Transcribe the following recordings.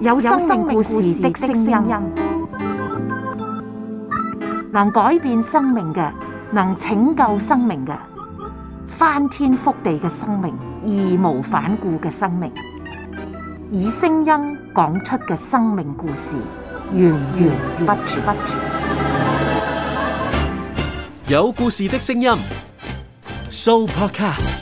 有生命故事的聲音，能改變生命嘅，能拯救生命嘅，翻天覆地嘅生命，義無反顧嘅生命，以聲音講出嘅生命故事，源源不絕。有故事的聲音，Soul Podcast。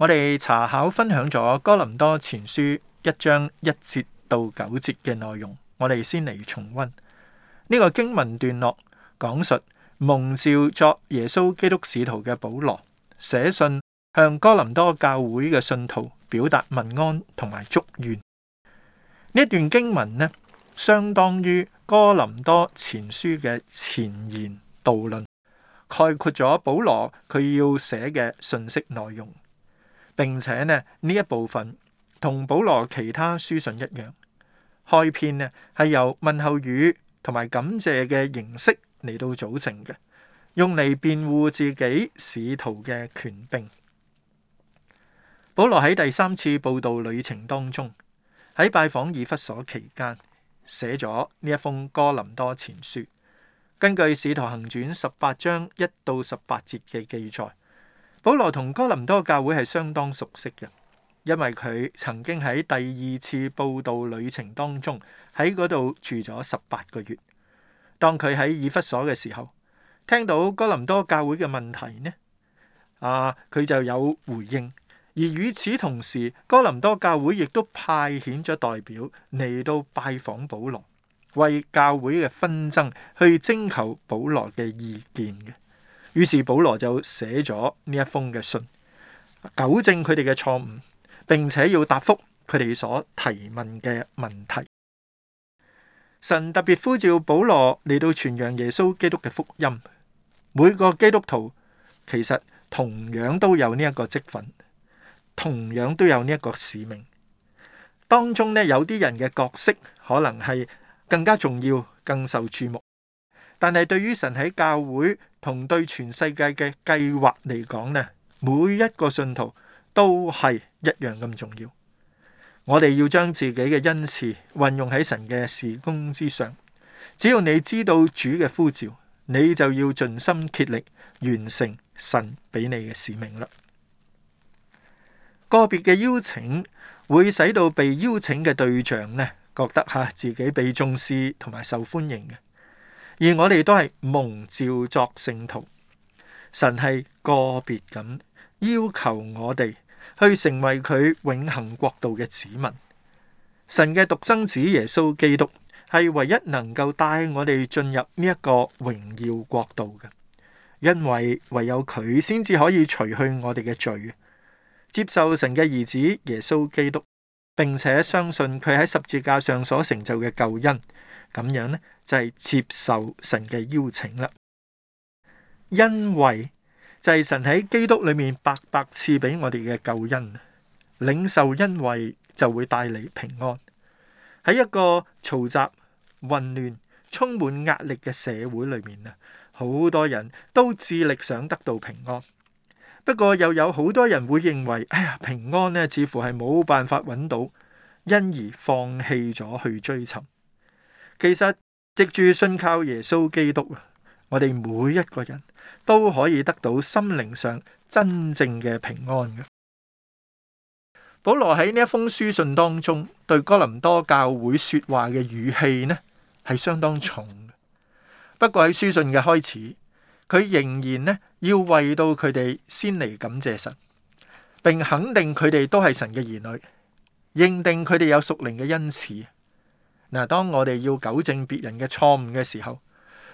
我哋查考分享咗哥林多前書一章一節到九節嘅內容，我哋先嚟重温呢個經文段落，講述蒙召作耶穌基督使徒嘅保羅寫信向哥林多教會嘅信徒表達問安同埋祝願。呢段經文呢，相當於哥林多前書嘅前言導論，概括咗保羅佢要寫嘅信息內容。並且呢呢一部分同保羅其他書信一樣，開篇呢係由問候語同埋感謝嘅形式嚟到組成嘅，用嚟辯護自己使徒嘅權柄。保羅喺第三次布道旅程當中，喺拜訪以弗所期間寫咗呢一封哥林多前書，根據《使徒行傳》十八章一到十八節嘅記載。保羅同哥林多教會係相當熟悉嘅，因為佢曾經喺第二次布道旅程當中喺嗰度住咗十八個月。當佢喺以弗所嘅時候，聽到哥林多教會嘅問題呢，啊佢就有回應。而與此同時，哥林多教會亦都派遣咗代表嚟到拜訪保羅，為教會嘅紛爭去徵求保羅嘅意見嘅。於是保羅就寫咗呢一封嘅信，糾正佢哋嘅錯誤，並且要答覆佢哋所提問嘅問題。神特別呼召保羅嚟到傳揚耶穌基督嘅福音。每個基督徒其實同樣都有呢一個職份，同樣都有呢一個使命。當中呢，有啲人嘅角色可能係更加重要、更受注目。但係對於神喺教會同對全世界嘅計劃嚟講呢，每一個信徒都係一樣咁重要。我哋要將自己嘅恩賜運用喺神嘅事工之上。只要你知道主嘅呼召，你就要盡心竭力完成神俾你嘅使命啦。個別嘅邀請會使到被邀請嘅對象呢，覺得吓自己被重視同埋受歡迎嘅。而我哋都係蒙召作聖徒，神係個別咁要求我哋去成為佢永恆國度嘅子民。神嘅獨生子耶穌基督係唯一能夠帶我哋進入呢一個榮耀國度嘅，因為唯有佢先至可以除去我哋嘅罪，接受神嘅兒子耶穌基督。並且相信佢喺十字架上所成就嘅救恩，咁樣呢，就係接受神嘅邀請啦。恩惠就係神喺基督裏面白白賜俾我哋嘅救恩，領受恩惠就會帶嚟平安。喺一個嘈雜、混亂、充滿壓力嘅社會裏面啊，好多人都致力想得到平安。不過又有好多人會認為，哎呀，平安咧，似乎係冇辦法揾到，因而放棄咗去追尋。其實藉住信靠耶穌基督，我哋每一個人都可以得到心靈上真正嘅平安嘅。保羅喺呢一封書信當中，對哥林多教會說話嘅語氣呢，係相當重嘅。不過喺書信嘅開始，佢仍然咧要為到佢哋先嚟感謝神，並肯定佢哋都係神嘅兒女，認定佢哋有屬靈嘅恩賜。嗱，當我哋要糾正別人嘅錯誤嘅時候，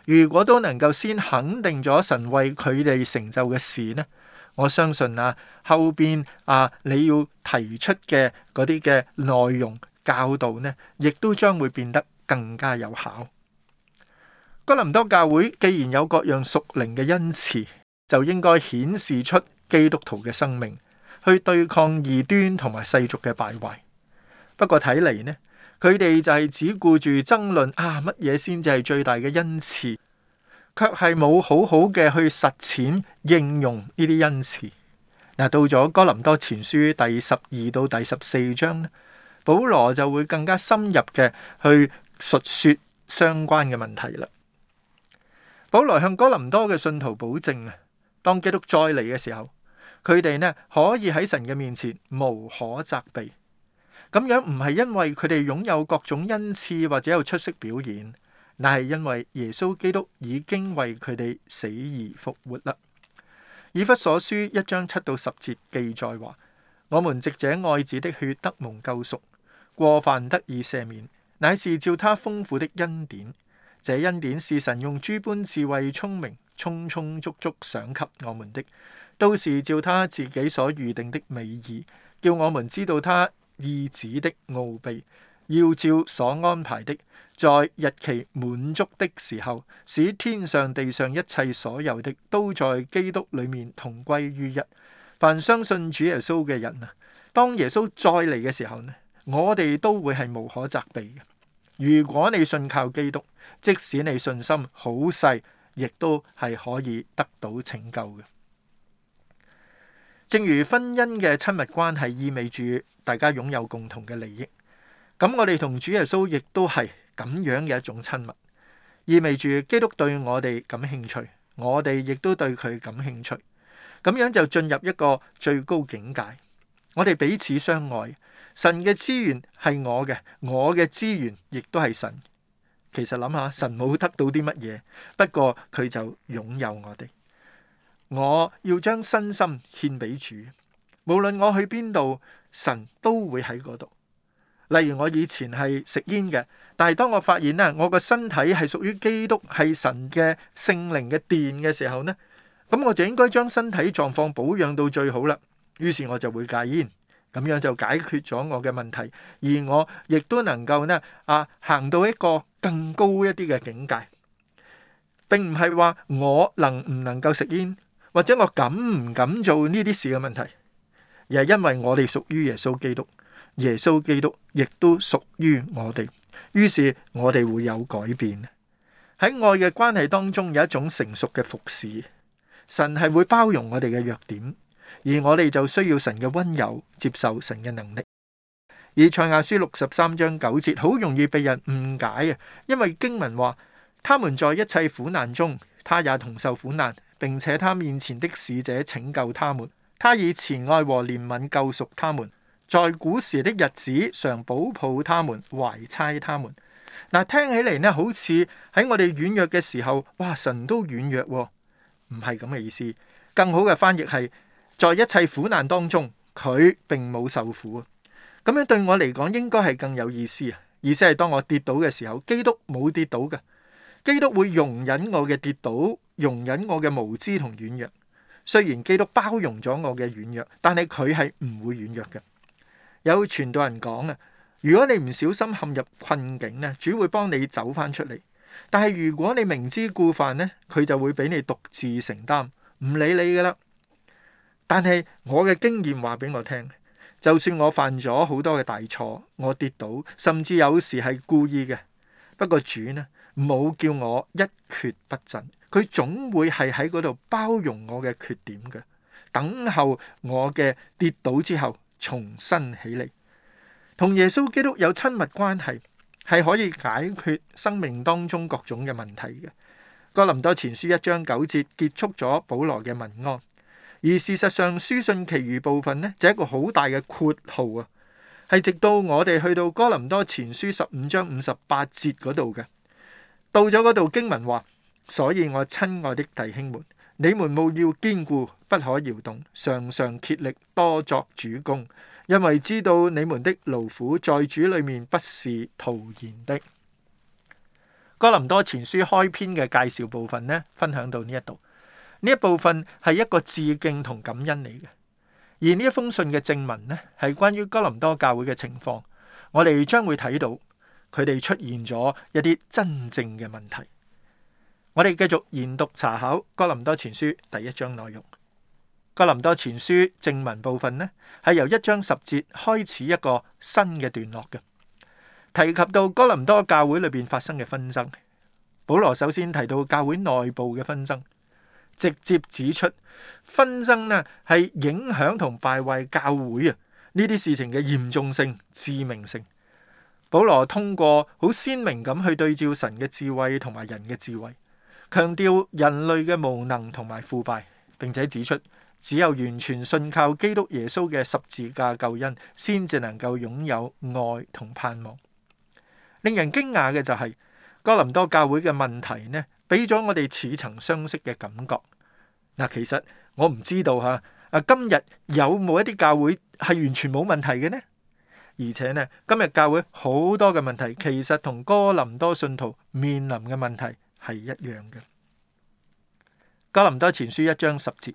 如果都能夠先肯定咗神為佢哋成就嘅事呢，我相信啊後邊啊你要提出嘅嗰啲嘅內容教導呢，亦都將會變得更加有效。哥林多教會既然有各樣屬靈嘅恩賜，就應該顯示出基督徒嘅生命去對抗異端同埋世俗嘅敗壞。不過睇嚟呢，佢哋就係只顧住爭論啊，乜嘢先至係最大嘅恩賜，卻係冇好好嘅去實踐應用呢啲恩賜。嗱，到咗哥林多前書第十二到第十四章，保羅就會更加深入嘅去述說相關嘅問題啦。後來向哥林多嘅信徒保證啊，當基督再嚟嘅時候，佢哋呢可以喺神嘅面前無可責備。咁樣唔係因為佢哋擁有各種恩賜或者有出色表演，乃係因為耶穌基督已經為佢哋死而復活啦。以弗所書一章七到十節記載話：我們藉着愛子的血得蒙救贖，過犯得以赦免，乃是照他豐富的恩典。這恩典是神用諸般智慧、聰明，充充足足賞給我們的，都是照他自己所預定的美意，叫我們知道他意旨的奧秘，要照所安排的，在日期滿足的時候，使天上地上一切所有的，都在基督裏面同歸於一。凡相信主耶穌嘅人啊，當耶穌再嚟嘅時候呢，我哋都會係無可責備嘅。如果你信靠基督，即使你信心好細，亦都係可以得到拯救嘅。正如婚姻嘅親密關係意味住大家擁有共同嘅利益，咁我哋同主耶穌亦都係咁樣嘅一種親密，意味住基督對我哋感興趣，我哋亦都對佢感興趣。咁樣就進入一個最高境界，我哋彼此相愛。神嘅資源係我嘅，我嘅資源亦都係神。其實諗下，神冇得到啲乜嘢，不過佢就擁有我哋。我要將身心獻俾主，無論我去邊度，神都會喺嗰度。例如我以前係食煙嘅，但係當我發現咧，我個身體係屬於基督，係神嘅聖靈嘅殿嘅時候呢，咁我就應該將身體狀況保養到最好啦。於是我就會戒煙。咁樣就解決咗我嘅問題，而我亦都能夠呢啊行到一個更高一啲嘅境界。並唔係話我能唔能夠食煙，或者我敢唔敢做呢啲事嘅問題，而係因為我哋屬於耶穌基督，耶穌基督亦都屬於我哋，於是我哋會有改變。喺愛嘅關係當中有一種成熟嘅服侍，神係會包容我哋嘅弱點。而我哋就需要神嘅溫柔，接受神嘅能力。以賽亞書六十三章九節好容易被人誤解啊，因為經文話他們在一切苦難中，他也同受苦難，並且他面前的使者拯救他們，他以慈愛和憐憫救贖他們，在古時的日子常保抱他們，懷猜他們。嗱，聽起嚟呢，好似喺我哋軟弱嘅時候，哇，神都軟弱，哦，唔係咁嘅意思。更好嘅翻譯係。在一切苦難當中，佢並冇受苦啊！咁樣對我嚟講，應該係更有意思啊！意思係當我跌倒嘅時候，基督冇跌倒嘅，基督會容忍我嘅跌倒，容忍我嘅無知同軟弱。雖然基督包容咗我嘅軟弱，但係佢係唔會軟弱嘅。有傳道人講啊，如果你唔小心陷入困境咧，主會幫你走翻出嚟。但係如果你明知故犯咧，佢就會俾你獨自承擔，唔理你噶啦。但係我嘅經驗話俾我聽，就算我犯咗好多嘅大錯，我跌倒，甚至有時係故意嘅。不過主呢，冇叫我一蹶不振，佢總會係喺嗰度包容我嘅缺點嘅，等候我嘅跌倒之後重新起嚟。同耶穌基督有親密關係，係可以解決生命當中各種嘅問題嘅。哥林多前書一章九節結束咗保羅嘅文安。而事實上，書信其餘部分呢，就是、一個好大嘅括號啊，係直到我哋去到哥林多前書十五章五十八節嗰度嘅。到咗嗰度經文話，所以我親愛的弟兄們，你們務要堅固，不可搖動，常常竭力多作主工，因為知道你們的勞苦在主裏面不是徒然的。哥林多前書開篇嘅介紹部分呢，分享到呢一度。呢一部分係一個致敬同感恩嚟嘅，而呢一封信嘅正文呢，係關於哥林多教會嘅情況，我哋將會睇到佢哋出現咗一啲真正嘅問題。我哋繼續研讀查考哥林多前書第一章內容。哥林多前書正文部分呢，係由一章十節開始一個新嘅段落嘅，提及到哥林多教會裏邊發生嘅紛爭。保羅首先提到教會內部嘅紛爭。直接指出紛爭呢係影響同敗壞教會啊呢啲事情嘅嚴重性、致命性。保羅通過好鮮明咁去對照神嘅智慧同埋人嘅智慧，強調人類嘅無能同埋腐敗，並且指出只有完全信靠基督耶穌嘅十字架救恩，先至能夠擁有愛同盼望。令人驚訝嘅就係，哥林多教會嘅問題呢，俾咗我哋似曾相識嘅感覺。嗱，其實我唔知道吓，啊，今日有冇一啲教會係完全冇問題嘅呢？而且呢，今日教會好多嘅問題，其實同哥林多信徒面臨嘅問題係一樣嘅。哥林多前書一章十節，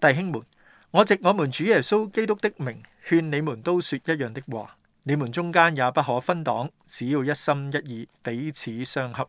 弟兄們，我藉我們主耶穌基督的名勸你們都說一樣的話，你們中間也不可分黨，只要一心一意，彼此相合。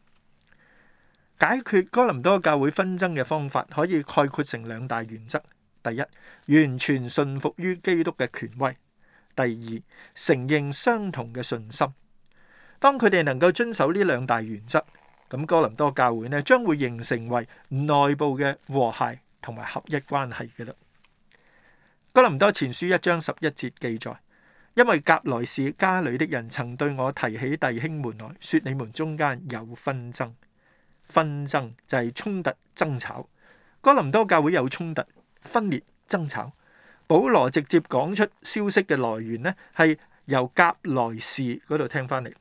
解決哥林多教會紛爭嘅方法可以概括成兩大原則：第一，完全信服於基督嘅權威；第二，承認相同嘅信心。當佢哋能夠遵守呢兩大原則，咁哥林多教會呢將會形成為內部嘅和諧同埋合一關係嘅。嘞，哥林多前書一章十一節記載：因為革來氏家裏的人，曾對我提起弟兄們來，說你們中間有紛爭。紛爭就係、是、衝突爭吵，哥林多教會有衝突分裂爭吵。保羅直接講出消息嘅來源呢，係由格來士嗰度聽翻嚟。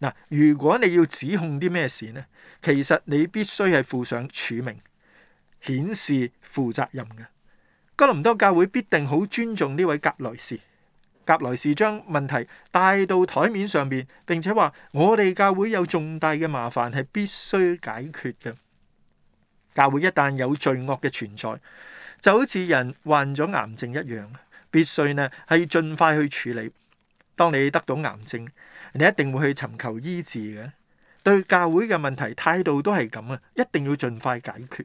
嗱，如果你要指控啲咩事呢，其實你必須係附上署名，顯示負責任嘅。哥林多教會必定好尊重呢位格來士。甲來是將問題帶到台面上邊，並且話我哋教會有重大嘅麻煩係必須解決嘅。教會一旦有罪惡嘅存在，就好似人患咗癌症一樣，必須呢係儘快去處理。當你得到癌症，你一定會去尋求醫治嘅。對教會嘅問題態度都係咁啊，一定要儘快解決。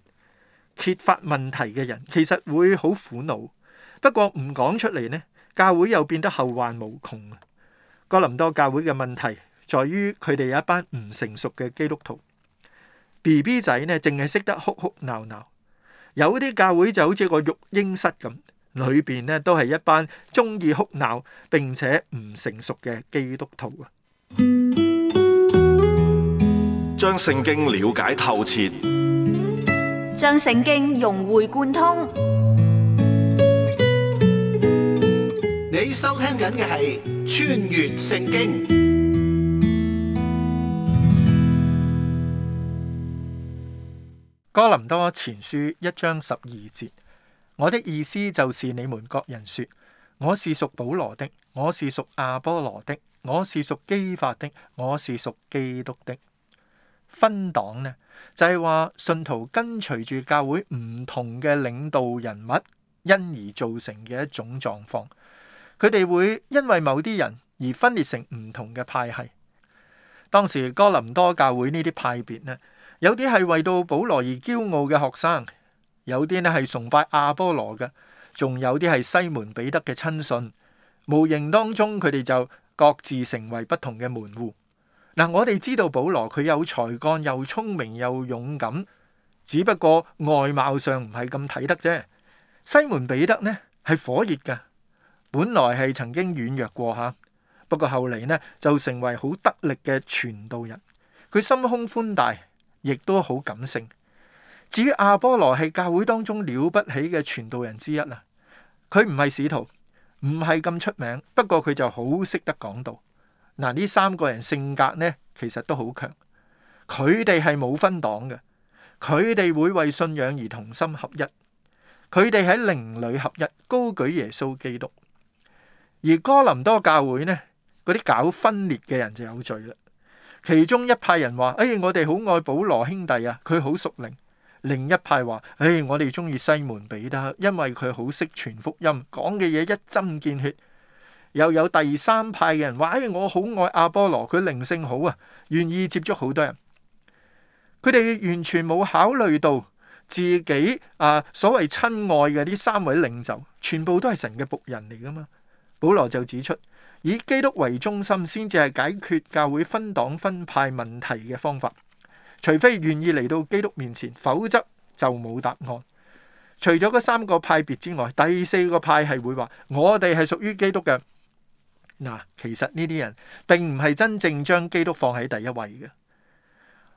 揭發問題嘅人其實會好苦惱，不過唔講出嚟呢，教會又變得後患無窮啊！哥林多教會嘅問題在於佢哋有一班唔成熟嘅基督徒，BB 仔呢，淨係識得哭哭鬧鬧。有啲教會就好似個育嬰室咁，裏邊呢都係一班中意哭鬧並且唔成熟嘅基督徒啊！將聖經了解透徹，將聖經融會貫通。你收聽緊嘅係《穿越聖經》哥林多前書一章十二節，我的意思就是你們各人說，我是屬保羅的，我是屬亞波羅的，我是屬基法的，我是屬基督的。分黨呢，就係話信徒跟隨住教會唔同嘅領導人物，因而造成嘅一種狀況。佢哋會因為某啲人而分裂成唔同嘅派系。當時哥林多教會呢啲派別呢，有啲係為到保羅而驕傲嘅學生，有啲呢係崇拜亞波羅嘅，仲有啲係西門彼得嘅親信。無形當中，佢哋就各自成為不同嘅門戶。嗱、嗯，我哋知道保羅佢有才幹、又聰明又勇敢，只不過外貌上唔係咁睇得啫。西門彼得呢，係火熱嘅。本來係曾經軟弱過吓，不過後嚟呢，就成為好得力嘅傳道人。佢心胸寬大，亦都好感性。至於阿波羅係教會當中了不起嘅傳道人之一啦。佢唔係使徒，唔係咁出名，不過佢就好識得講道。嗱，呢三個人性格呢，其實都好強。佢哋係冇分黨嘅，佢哋會為信仰而同心合一。佢哋喺靈裏合一，高舉耶穌基督。而哥林多教會呢，嗰啲搞分裂嘅人就有罪啦。其中一派人話：哎，我哋好愛保羅兄弟啊，佢好屬靈；另一派話：哎，我哋中意西門彼得，因為佢好識傳福音，講嘅嘢一針見血。又有第三派嘅人話：哎，我好愛阿波羅，佢靈性好啊，願意接觸好多人。佢哋完全冇考慮到自己啊，所謂親愛嘅呢三位領袖，全部都係神嘅僕人嚟噶嘛。保羅就指出，以基督為中心先至係解決教會分黨分派問題嘅方法。除非願意嚟到基督面前，否則就冇答案。除咗嗰三個派別之外，第四個派系會話：我哋係屬於基督嘅。嗱，其實呢啲人並唔係真正將基督放喺第一位嘅。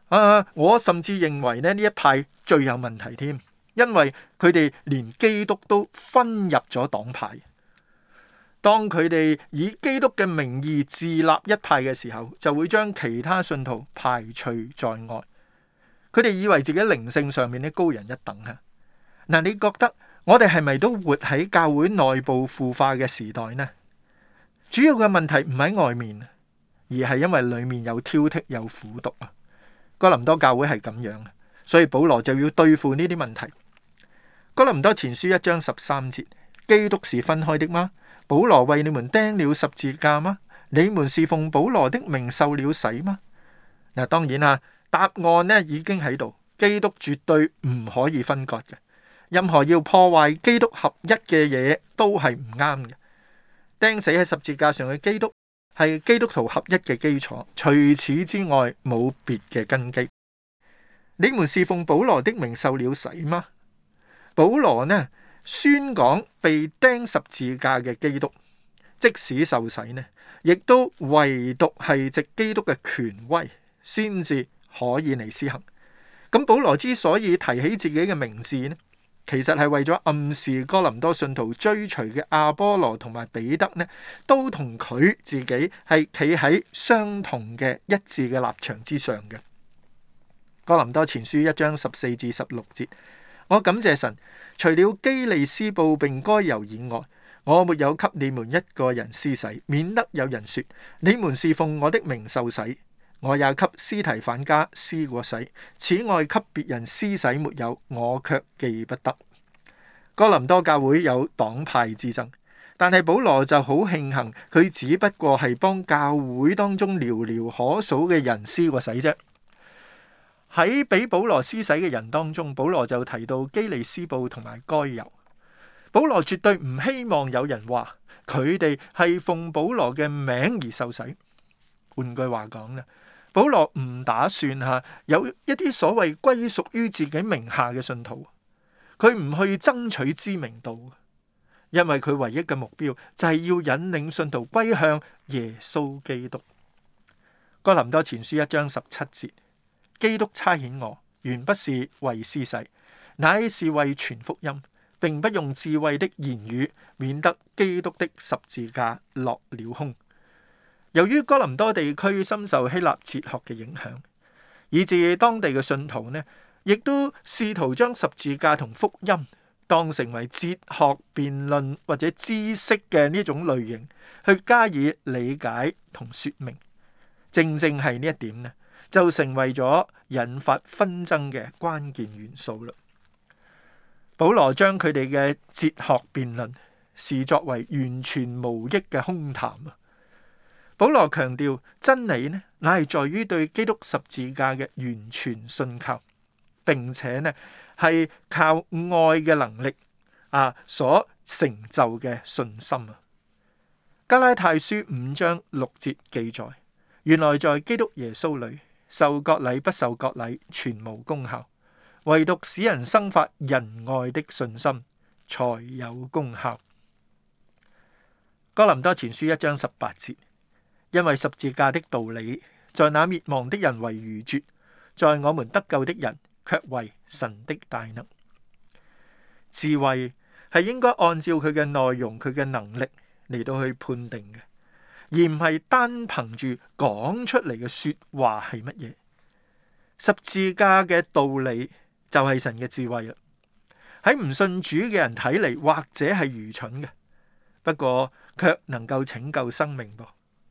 啊，我甚至認為咧，呢一派最有問題添，因為佢哋連基督都分入咗黨派。當佢哋以基督嘅名義自立一派嘅時候，就會將其他信徒排除在外。佢哋以為自己靈性上面呢高人一等啊。嗱，你覺得我哋係咪都活喺教會內部腐化嘅時代呢？主要嘅問題唔喺外面，而係因為裏面有挑剔、有苦毒啊。哥林多教會係咁樣，所以保羅就要對付呢啲問題。哥林多前書一章十三節：基督是分開的嗎？保羅為你們釘了十字架嗎？你們是奉保羅的名受了洗嗎？嗱，當然啦，答案呢已經喺度。基督絕對唔可以分割嘅，任何要破壞基督合一嘅嘢都係唔啱嘅。釘死喺十字架上嘅基督係基督徒合一嘅基礎，除此之外冇別嘅根基。你們是奉保羅的名受了洗嗎？保羅呢？宣講被釘十字架嘅基督，即使受洗呢，亦都唯獨係藉基督嘅權威先至可以嚟施行。咁保羅之所以提起自己嘅名字呢，其實係為咗暗示哥林多信徒追隨嘅阿波羅同埋彼得呢，都同佢自己係企喺相同嘅一致嘅立場之上嘅。哥林多前書一章十四至十六節。我感謝神，除了基利斯布並該猶以外，我沒有給你們一個人施洗，免得有人說你們是奉我的名受洗。我也給斯提反家施過洗，此外給別人施洗沒有，我卻記不得。哥林多教會有黨派之爭，但係保羅就好慶幸，佢只不過係幫教會當中寥寥可數嘅人施過洗啫。喺俾保羅施洗嘅人當中，保羅就提到基利斯布同埋該猶。保羅絕對唔希望有人話佢哋係奉保羅嘅名而受洗。換句話講咧，保羅唔打算吓有一啲所謂歸屬於自己名下嘅信徒。佢唔去爭取知名度，因為佢唯一嘅目標就係要引領信徒歸向耶穌基督。哥林多前書一章十七節。基督差遣我，原不是為施洗，乃是為傳福音，並不用智慧的言語，免得基督的十字架落了空。由於哥林多地區深受希臘哲學嘅影響，以致當地嘅信徒呢，亦都試圖將十字架同福音當成為哲學辯論或者知識嘅呢種類型去加以理解同說明。正正係呢一點呢，就成為咗引發紛爭嘅關鍵元素啦。保羅將佢哋嘅哲學辯論視作為完全無益嘅空談啊。保羅強調真理呢乃係在於對基督十字架嘅完全信靠，並且呢係靠愛嘅能力啊所成就嘅信心啊。加拉太書五章六節記載，原來在基督耶穌裏。受割禮不受割禮，全無功效，唯獨使人生發仁愛的信心才有功效。哥林多前書一章十八節，因為十字架的道理，在那滅亡的人為愚拙，在我們得救的人卻為神的大能。智慧係應該按照佢嘅內容，佢嘅能力嚟，到去判定嘅。而唔係單憑住講出嚟嘅說話。係乜嘢？十字架嘅道理就係神嘅智慧啦。喺唔信主嘅人睇嚟，或者係愚蠢嘅，不過卻能夠拯救生命噃。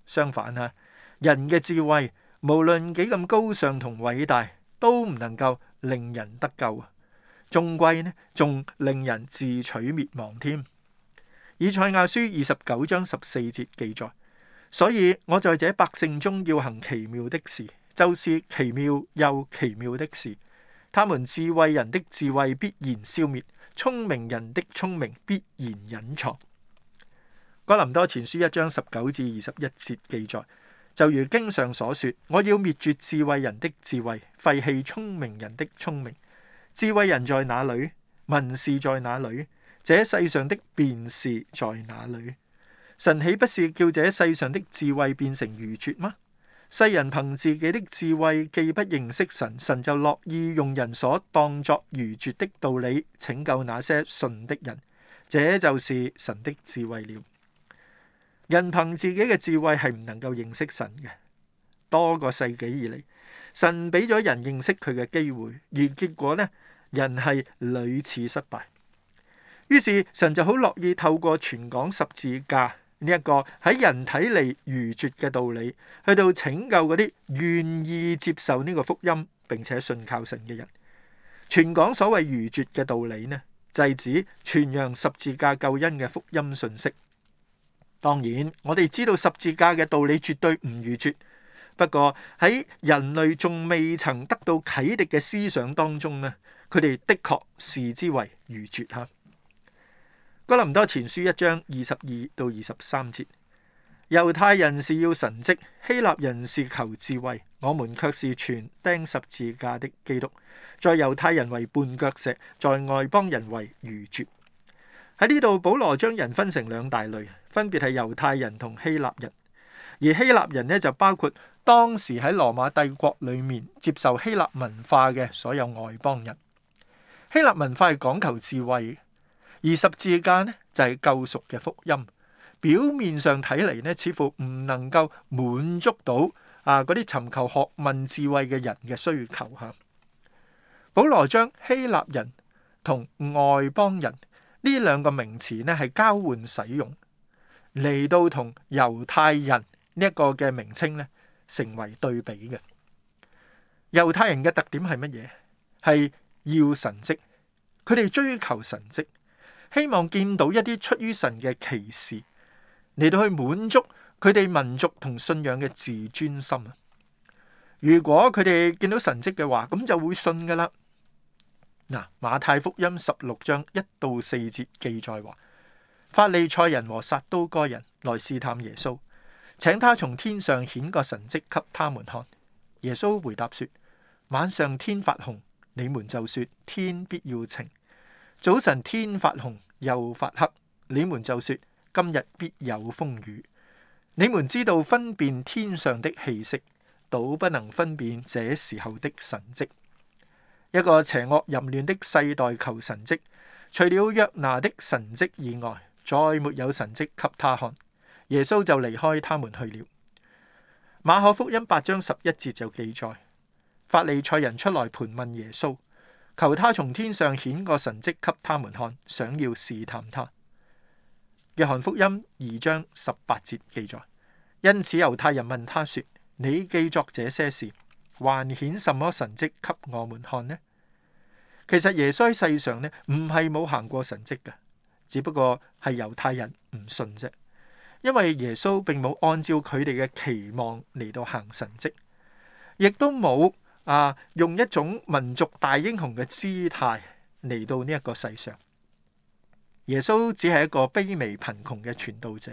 相反啊，人嘅智慧無論幾咁高尚同偉大，都唔能夠令人得救啊！仲貴呢？仲令人自取滅亡添。以賽亞書二十九章十四節記載。所以我在這百姓中要行奇妙的事，就是奇妙又奇妙的事。他們智慧人的智慧必然消滅，聰明人的聰明必然隱藏。哥林多前書一章十九至二十一節記載，就如經上所說，我要滅絕智慧人的智慧，廢棄聰明人的聰明。智慧人在哪裏？文士在哪裏？這世上的辯士在哪裏？神豈不是叫這世上的智慧變成愚拙嗎？世人憑自己的智慧既不認識神，神就樂意用人所當作愚拙的道理拯救那些信的人。這就是神的智慧了。人憑自己嘅智慧係唔能夠認識神嘅。多個世紀以嚟，神俾咗人認識佢嘅機會，而結果呢，人係屢次失敗。於是神就好樂意透過全港十字架。呢一個喺人體嚟愚拙嘅道理，去到拯救嗰啲願意接受呢個福音，並且信靠神嘅人。全港所謂愚拙嘅道理呢，就係、是、指傳揚十字架救恩嘅福音信息。當然，我哋知道十字架嘅道理絕對唔愚拙。不過喺人類仲未曾得到啟迪嘅思想當中呢，佢哋的確視之為愚拙嚇。哥林多前書一章二十二到二十三節，猶太人是要神蹟，希臘人是求智慧，我們卻是傳釘十字架的基督，在猶太人為絆腳石，在外邦人為愚拙。喺呢度，保羅將人分成兩大類，分別係猶太人同希臘人，而希臘人呢，就包括當時喺羅馬帝國裏面接受希臘文化嘅所有外邦人。希臘文化係講求智慧。而十字架呢就係救贖嘅福音。表面上睇嚟呢，似乎唔能夠滿足到啊嗰啲尋求學問智慧嘅人嘅需求嚇。保羅將希臘人同外邦人呢兩個名詞呢係交換使用，嚟到同猶太人呢一個嘅名稱呢成為對比嘅。猶太人嘅特點係乜嘢？係要神跡，佢哋追求神跡。希望見到一啲出於神嘅奇事嚟到去滿足佢哋民族同信仰嘅自尊心啊！如果佢哋見到神迹嘅話，咁就會信噶啦。嗱，《馬太福音》十六章一到四節記載話，法利賽人和撒都該人來試探耶穌，請他從天上顯個神迹,神迹給他們看。耶穌回答說：晚上天發紅，你們就說天必要晴。早晨天發紅又發黑，你們就說今日必有風雨。你們知道分辨天上的氣息，倒不能分辨這時候的神跡。一個邪惡淫亂的世代求神跡，除了約拿的神跡以外，再沒有神跡給他看。耶穌就離開他們去了。馬可福音八章十一節就記載，法利賽人出來盤問耶穌。求他從天上顯個神跡給他們看，想要試探他。約翰福音二章十八節記載：因此猶太人問他說：你記作這些事，還顯什麼神跡給我們看呢？其實耶穌喺世上呢，唔係冇行過神跡嘅，只不過係猶太人唔信啫。因為耶穌並冇按照佢哋嘅期望嚟到行神跡，亦都冇。啊！用一種民族大英雄嘅姿態嚟到呢一個世上，耶穌只係一個卑微貧窮嘅傳道者，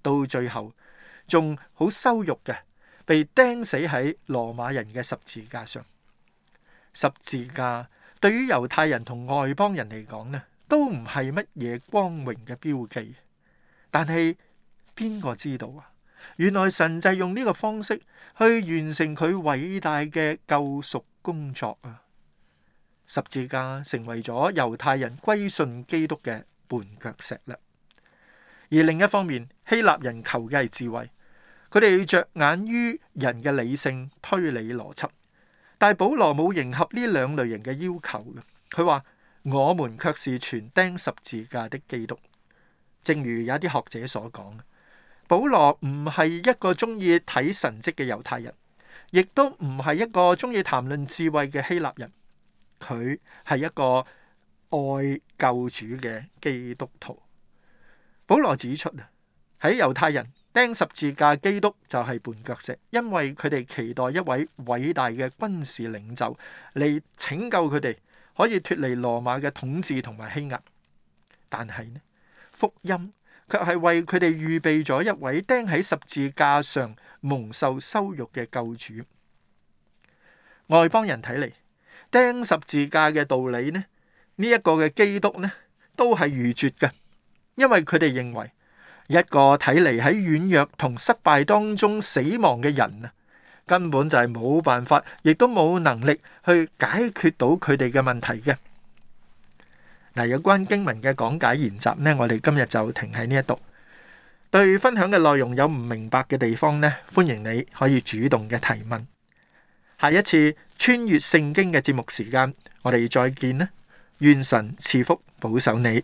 到最後仲好羞辱嘅，被釘死喺羅馬人嘅十字架上。十字架對於猶太人同外邦人嚟講呢，都唔係乜嘢光榮嘅標記。但係邊個知道啊？原來神就用呢個方式。去完成佢偉大嘅救贖工作啊！十字架成為咗猶太人歸信基督嘅絆腳石嘞。而另一方面，希臘人求嘅係智慧，佢哋着眼於人嘅理性推理邏輯。但保羅冇迎合呢兩類型嘅要求。佢話：我們卻是全釘十字架的基督。正如有啲學者所講。保羅唔係一個中意睇神蹟嘅猶太人，亦都唔係一個中意談論智慧嘅希臘人。佢係一個愛救主嘅基督徒。保羅指出，喺猶太人釘十字架基督就係絆腳石，因為佢哋期待一位偉大嘅軍事領袖嚟拯救佢哋，可以脫離羅馬嘅統治同埋欺壓。但係呢，福音，卻係為佢哋預備咗一位釘喺十字架上蒙受羞辱嘅救主。外邦人睇嚟，釘十字架嘅道理呢，呢、這、一個嘅基督呢，都係愚拙嘅，因為佢哋認為一個睇嚟喺軟弱同失敗當中死亡嘅人啊，根本就係冇辦法，亦都冇能力去解決到佢哋嘅問題嘅。嗱，有關經文嘅講解研習咧，我哋今日就停喺呢一度。對分享嘅內容有唔明白嘅地方咧，歡迎你可以主動嘅提問。下一次穿越聖經嘅節目時間，我哋再見啦！願神賜福保守你。